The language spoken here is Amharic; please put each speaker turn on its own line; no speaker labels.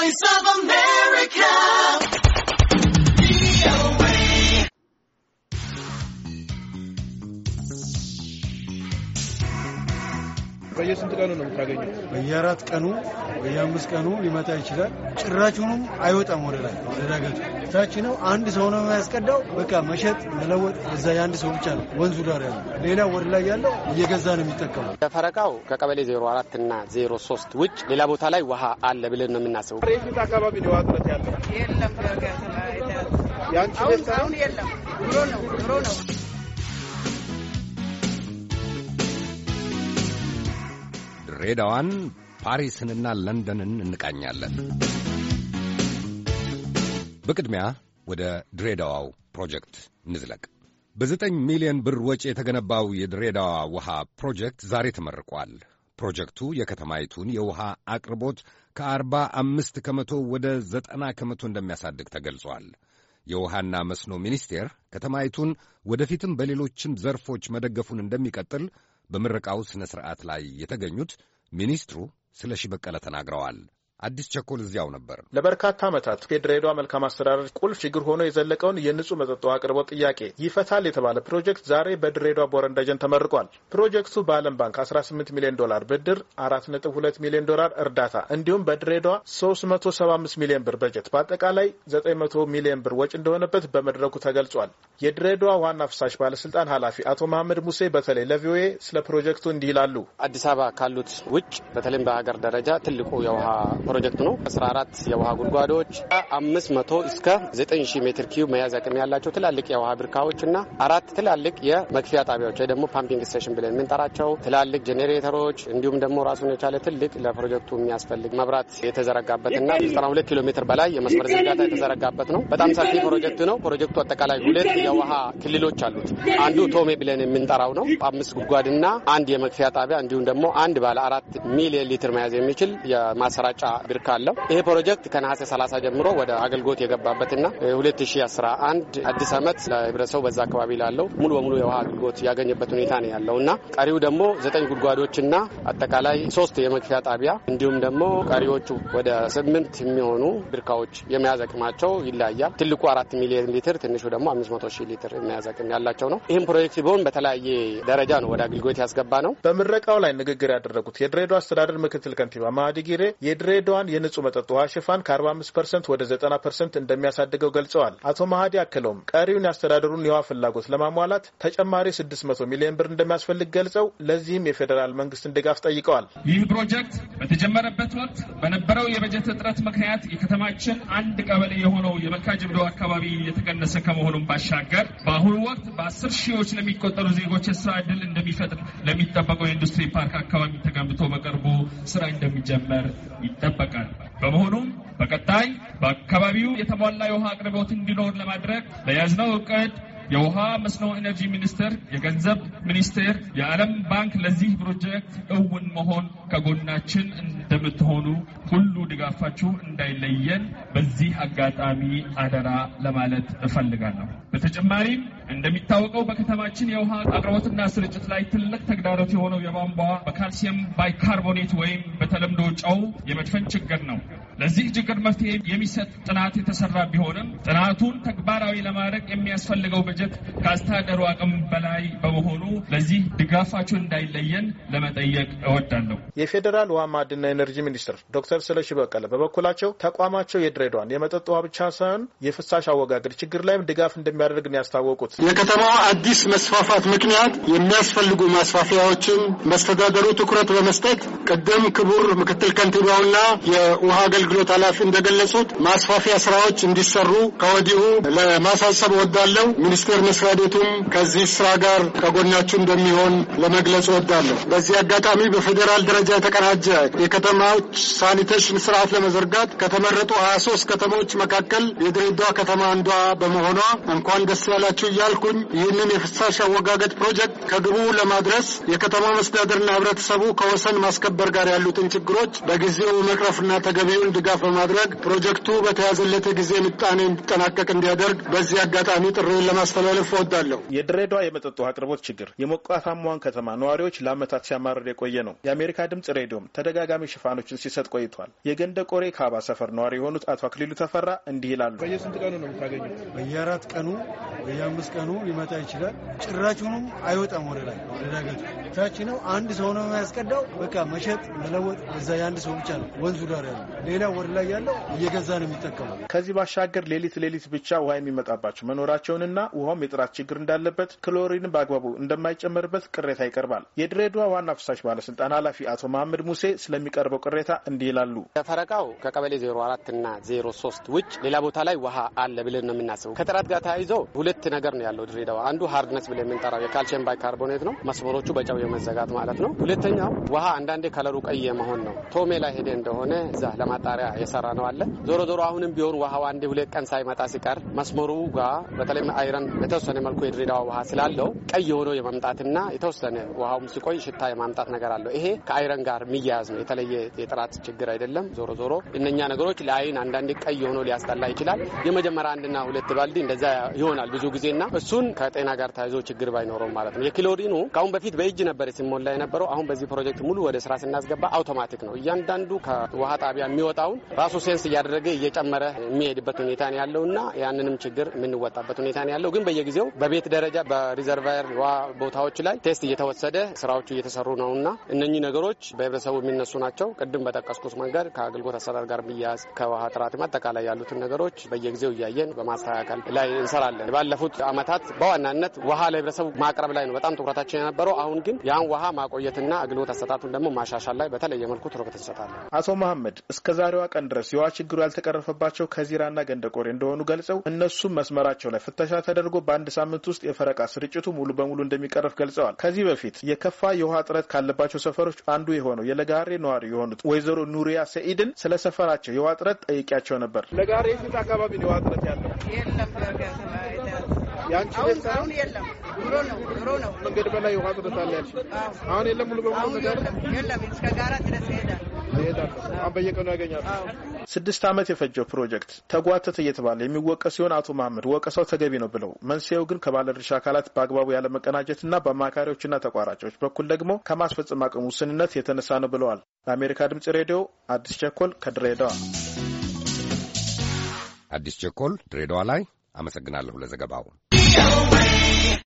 Voice of America
በየስንት ቀኑ ነው የምታገኘው? በየአራት ቀኑ በየአምስት ቀኑ ሊመጣ ይችላል። ጭራችሁንም አይወጣም ወደ ላይ ወደ ዳገቱ ታች ነው። አንድ ሰው ነው የሚያስቀዳው። በቃ መሸጥ መለወጥ እዛ የአንድ ሰው ብቻ ነው ወንዙ ዳር ያለ፣ ሌላ ወደ ላይ ያለው እየገዛ ነው የሚጠቀሙ።
ፈረቃው ከቀበሌ ዜሮ አራት እና ዜሮ ሶስት ውጭ ሌላ ቦታ ላይ ውሃ አለ ብለን ነው የምናስበው።
ሬፊት አካባቢ ነው ዋጥረት ያለው የለም። ያንቺ ቤት የለም ድሮ ነው ድሮ ነው
ድሬዳዋን፣ ፓሪስንና ለንደንን እንቃኛለን። በቅድሚያ ወደ ድሬዳዋው ፕሮጀክት እንዝለቅ። በዘጠኝ ሚሊዮን ብር ወጪ የተገነባው የድሬዳዋ ውሃ ፕሮጀክት ዛሬ ተመርቋል። ፕሮጀክቱ የከተማይቱን የውሃ አቅርቦት ከአርባ አምስት ከመቶ ወደ ዘጠና ከመቶ እንደሚያሳድግ ተገልጿል። የውሃና መስኖ ሚኒስቴር ከተማይቱን ወደፊትም በሌሎችም ዘርፎች መደገፉን እንደሚቀጥል በምረቃው ሥነ ሥርዓት ላይ የተገኙት ሚኒስትሩ ስለሺ በቀለ ተናግረዋል። አዲስ ቸኮል እዚያው ነበር።
ለበርካታ ዓመታት የድሬዳዋ መልካም አስተዳደር ቁልፍ ችግር ሆኖ የዘለቀውን የንጹህ መጠጥ ውሃ አቅርቦት ጥያቄ ይፈታል የተባለ ፕሮጀክት ዛሬ በድሬዳዋ ቦረንዳጀን ተመርቋል። ፕሮጀክቱ በዓለም ባንክ 18 ሚሊዮን ዶላር ብድር፣ 4.2 ሚሊዮን ዶላር እርዳታ እንዲሁም በድሬዳዋ 375 ሚሊዮን ብር በጀት በአጠቃላይ 900 ሚሊዮን ብር ወጪ እንደሆነበት በመድረኩ ተገልጿል። የድሬዳዋ ዋና ፍሳሽ ባለስልጣን ኃላፊ አቶ መሐመድ ሙሴ በተለይ ለቪኦኤ ስለ ፕሮጀክቱ እንዲህ ይላሉ። አዲስ አበባ ካሉት ውጭ በተለይም በሀገር ደረጃ ትልቁ የውሃ ፕሮጀክት ነው።
14 አራት የውሃ ጉድጓዶች 500 እስከ ዘጠኝ ሜትር ኪዩ መያዝ አቅም ያላቸው ትላልቅ የውሃ ብርካዎች እና አራት ትላልቅ የመክፊያ ጣቢያዎች ወይ ደግሞ ፓምፒንግ ስቴሽን ብለን የምንጠራቸው ትላልቅ ጄኔሬተሮች እንዲሁም ደግሞ ራሱን የቻለ ትልቅ ለፕሮጀክቱ የሚያስፈልግ መብራት የተዘረጋበት እና 92 ኪሎ ሜትር በላይ የመስመር ዝርጋታ የተዘረጋበት ነው። በጣም ሰፊ ፕሮጀክት ነው። ፕሮጀክቱ አጠቃላይ ሁለት የውሃ ክልሎች አሉት። አንዱ ቶሜ ብለን የምንጠራው ነው። አምስት ጉድጓድና አንድ የመክፊያ ጣቢያ እንዲሁም ደግሞ አንድ ባለ አራት ሚሊዮን ሊትር መያዝ የሚችል የማሰራጫ ብር ካለው ይሄ ፕሮጀክት ከነሐሴ 30 ጀምሮ ወደ አገልግሎት የገባበትና 2011 አዲስ ዓመት ለህብረተሰቡ በዛ አካባቢ ላለው ሙሉ በሙሉ የውሃ አገልግሎት ያገኘበት ሁኔታ ነው ያለው እና ቀሪው ደግሞ ዘጠኝ ጉድጓዶችና አጠቃላይ ሶስት የመክፊያ ጣቢያ እንዲሁም ደግሞ ቀሪዎቹ ወደ ስምንት የሚሆኑ ብርካዎች የመያዝ አቅማቸው ይለያያል። ትልቁ አራት ሚሊዮን ሊትር ትንሹ ደግሞ
አምስት መቶ ሺህ ሊትር የመያዝ አቅም ያላቸው ነው። ይህም ፕሮጀክት ቢሆን በተለያየ ደረጃ ነው ወደ አገልግሎት ያስገባ ነው። በምረቃው ላይ ንግግር ያደረጉት የድሬዳዋ አስተዳደር ምክትል ከንቲባ ማዲጊሬ ጊሬ የድሬዳዋን የንጹህ መጠጥ ውሃ ሽፋን ከ45 ፐርሰንት ወደ 90 ፐርሰንት እንደሚያሳድገው ገልጸዋል። አቶ መሀዲ አክለውም ቀሪውን ያስተዳደሩን የውሃ ፍላጎት ለማሟላት ተጨማሪ 600 ሚሊዮን ብር እንደሚያስፈልግ ገልጸው ለዚህም የፌዴራል መንግስትን ድጋፍ ጠይቀዋል።
ይህ ፕሮጀክት በተጀመረበት ወቅት በነበረው የበጀት እጥረት ምክንያት የከተማችን አንድ ቀበሌ የሆነው የመልካ ጅብዶ አካባቢ የተቀነሰ ከመሆኑም ባሻገር በአሁኑ ወቅት በአስር ሺዎች ለሚቆጠሩ ዜጎች የስራ እድል እንደሚፈጥር ለሚጠበቀው የኢንዱስትሪ ፓርክ አካባቢ ተገንብቶ በቅርቡ ስራ እንደሚጀመር ይጠበቃል። ይጠበቃል። በመሆኑም በቀጣይ በአካባቢው የተሟላ የውሃ አቅርቦት እንዲኖር ለማድረግ ለያዝነው እቅድ የውሃ መስኖ ኢነርጂ ሚኒስቴር፣ የገንዘብ ሚኒስቴር፣ የዓለም ባንክ ለዚህ ፕሮጀክት እውን መሆን ከጎናችን እንደምትሆኑ ሁሉ ድጋፋችሁ እንዳይለየን በዚህ አጋጣሚ አደራ ለማለት እፈልጋለሁ። በተጨማሪም እንደሚታወቀው በከተማችን የውሃ አቅርቦትና ስርጭት ላይ ትልቅ ተግዳሮት የሆነው የቧንቧ በካልሲየም ባይካርቦኔት ወይም በተለምዶ ጨው የመድፈን ችግር ነው። ለዚህ ችግር መፍትሄ የሚሰጥ ጥናት የተሰራ ቢሆንም ጥናቱን ተግባራዊ ለማድረግ የሚያስፈልገው በጀት ከአስተዳደሩ አቅም በላይ በመሆኑ ለዚህ ድጋፋችሁን እንዳይለየን ለመጠየቅ እወዳለሁ።
የፌዴራል ውሃ ማዕድንና ኤነርጂ ሚኒስትር ዶክተር ስለሺ በቀለ በበኩላቸው ተቋማቸው የድሬዳዋን የመጠጥ ውሃ ብቻ ሳይሆን የፍሳሽ አወጋገድ ችግር ላይም ድጋፍ እንደሚያደርግ ነው ያስታወቁት። የከተማዋ አዲስ መስፋፋት ምክንያት የሚያስፈልጉ ማስፋፊያዎችን መስተዳደሩ ትኩረት በመስጠት ቅድም ክቡር ምክትል ከንቲባውና የውሃ አገልግሎ አገልግሎት ኃላፊ እንደገለጹት ማስፋፊያ ስራዎች እንዲሰሩ ከወዲሁ ለማሳሰብ ወዳለው ሚኒስቴር መስሪያ ቤቱም ከዚህ ስራ ጋር ከጎናችሁ እንደሚሆን ለመግለጽ ወዳለሁ። በዚህ አጋጣሚ በፌዴራል ደረጃ የተቀናጀ የከተማዎች ሳኒቴሽን ስርዓት ለመዘርጋት ከተመረጡ ሀያ ሶስት ከተሞች መካከል የድሬዳዋ ከተማ አንዷ በመሆኗ እንኳን ደስ ያላችሁ እያልኩኝ ይህንን የፍሳሽ አወጋገጥ ፕሮጀክት ከግቡ ለማድረስ የከተማ መስተዳደርና ህብረተሰቡ ከወሰን ማስከበር ጋር ያሉትን ችግሮች በጊዜው መቅረፍና ተገቢውን ድጋፍ በማድረግ ፕሮጀክቱ በተያዘለት ጊዜ ምጣኔ እንዲጠናቀቅ እንዲያደርግ በዚህ አጋጣሚ ጥሪውን ለማስተላለፍ እወዳለሁ። የድሬዳዋ የመጠጥ ውሃ አቅርቦት ችግር የሞቃታማዋን ከተማ ነዋሪዎች ለዓመታት ሲያማርር የቆየ ነው። የአሜሪካ ድምጽ ሬዲዮም ተደጋጋሚ ሽፋኖችን ሲሰጥ ቆይቷል። የገንደ ቆሬ ካባ ሰፈር ነዋሪ የሆኑት አቶ አክሊሉ ተፈራ እንዲህ ይላሉ። በየስንት ቀኑ ነው የምታገኙት? በየአራት ቀኑ በየአምስት ቀኑ ሊመጣ ይችላል። ጭራችሁንም አይወጣም ወደ ላይ ወደ ዳገቱ ታች ነው። አንድ ሰው ነው የሚያስቀዳው። በቃ መሸጥ መለወጥ እዛ የአንድ ሰው ብቻ ነው ወንዙ ዳር ያለው። ሌላ ወደ ላይ ያለው እየገዛ ነው የሚጠቀመው። ከዚህ ባሻገር ሌሊት ሌሊት ብቻ ውሃ የሚመጣባቸው መኖራቸውንና ውሃውም የጥራት ችግር እንዳለበት፣ ክሎሪን በአግባቡ እንደማይጨመርበት ቅሬታ ይቀርባል። የድሬዳዋ ዋና ፍሳሽ ባለስልጣን ኃላፊ አቶ መሀመድ ሙሴ ስለሚቀርበው ቅሬታ እንዲህ ይላሉ።
ከፈረቃው ከቀበሌ 04 እና 03 ውጭ ሌላ ቦታ ላይ ውሃ አለ ብለን ነው የምናስበው። ከጥራት ጋር ተያይዞ ሁለት ነገር ነው ያለው ድሬዳዋ። አንዱ ሃርድነስ ብለን የምንጠራው የካልሽየም ባይካርቦኔት ነው፣ መስመሮቹ በጨው የመዘጋት ማለት ነው። ሁለተኛው ውሃ አንዳንዴ ከለሩ ቀይ የመሆን ነው። ቶሜ ላይ ሄደ እንደሆነ እዛ ለማጣሪያ የሰራ ነው አለ። ዞሮ ዞሮ አሁንም ቢሆን ውሃው አንዴ ሁለት ቀን ሳይመጣ ሲቀር መስመሩ ጋር በተለይ አይረን በተወሰነ መልኩ የድሬዳዋ ውሃ ስላለው ቀይ የሆነው የመምጣትና የተወሰነ ውሃውም ሲቆይ ሽታ የማምጣት ነገር አለው። ይሄ ከአይረን ጋር የሚያያዝ ነው። የተለየ የጥራት ችግር አይደለም። ዞሮ ዞሮ እነኛ ነገሮች ለአይን አንዳንዴ ቀይ የሆነው ሊያስጠላ ይችላል። የመጀመሪያ አንድና ሁለት ባልዲ እንደዛ ይሆናል። ብዙ ጊዜና እሱን ከጤና ጋር ተያይዞ ችግር ባይኖረው ማለት ነው። የክሎሪኑ ከአሁን በፊት በእጅ ነበር ሲሞላ የነበረው። አሁን በዚህ ፕሮጀክት ሙሉ ወደ ስራ ስናስገባ አውቶማቲክ ነው። እያንዳንዱ ከውሃ ጣቢያ የሚወጣውን ራሱ ሴንስ እያደረገ እየጨመረ የሚሄድበት ሁኔታ ነው ያለውና ያንንም ችግር የምንወጣበት ሁኔታ ነው ያለው። ግን በየጊዜው በቤት ደረጃ በሪዘርቫየር ውሃ ቦታዎች ላይ ቴስት እየተወሰደ ስራዎቹ እየተሰሩ ነውና እነኚህ ነገሮች በህብረተሰቡ የሚነሱ ናቸው። ቅድም በጠቀስኩት መንገድ ከአገልግሎት አሰራር ጋር ብያያዝ ከውሃ ጥራትም አጠቃላይ ያሉትን ነገሮች በየጊዜው እያየን በማስተካከል ላይ እንሰራለን። ባለፉት ዓመታት በዋናነት ውሃ ለህብረተሰቡ ማቅረብ ላይ ነው በጣም ትኩረታችን የነበረው። አሁን ግን ያን ውሃ ማቆየትና አገልግሎት አሰጣቱን ደግሞ ማሻሻል ላይ በተለየ መልኩ ትኩረት እንሰጣለን።
አቶ መሐመድ እስከ ዛሬዋ ቀን ድረስ የውሃ ችግሩ ያልተቀረፈባቸው ከዚራና ገንደቆሬ እንደሆኑ ገልጸው እነሱም መስመራቸው ላይ ፍተሻ ተደርጎ በአንድ ሳምንት ውስጥ የፈረቃ ስርጭቱ ሙሉ በሙሉ እንደሚቀረፍ ገልጸዋል። ከዚህ በፊት የከፋ የውሃ እጥረት ካለባቸው ሰፈሮች አንዱ የሆነው የለጋሬ ነዋሪ የሆኑት ወይዘሮ ኑሪያ ሰኢድን ስለ ሰፈራቸው የውሃ እጥረት ጠይቂያቸው ነበር። ለጋሬ ፊት አካባቢ ነው የውሃ እጥረት ያለው? የአንቺ ቤት ሳይሆን የለም ድሮ ነው ድሮ ነው መንገድ በላይ ውሃ ያልሽ አሁን የለም። ሙሉ በሙሉ የለም። እስከ ጋራ ድረስ ይሄዳል ስድስት ዓመት የፈጀው ፕሮጀክት ተጓተተ እየተባለ የሚወቀስ ሲሆን አቶ መሀመድ ወቀሳው ተገቢ ነው ብለው መንስኤው ግን ከባለድርሻ አካላት በአግባቡ ያለመቀናጀትና በአማካሪዎችና ተቋራጮች በኩል ደግሞ ከማስፈጸም አቅሙ ውስንነት የተነሳ ነው ብለዋል። ለአሜሪካ ድምጽ ሬዲዮ አዲስ ቸኮል ከድሬዳዋ።
አዲስ ቸኮል ድሬዳዋ ላይ አመሰግናለሁ ለዘገባው።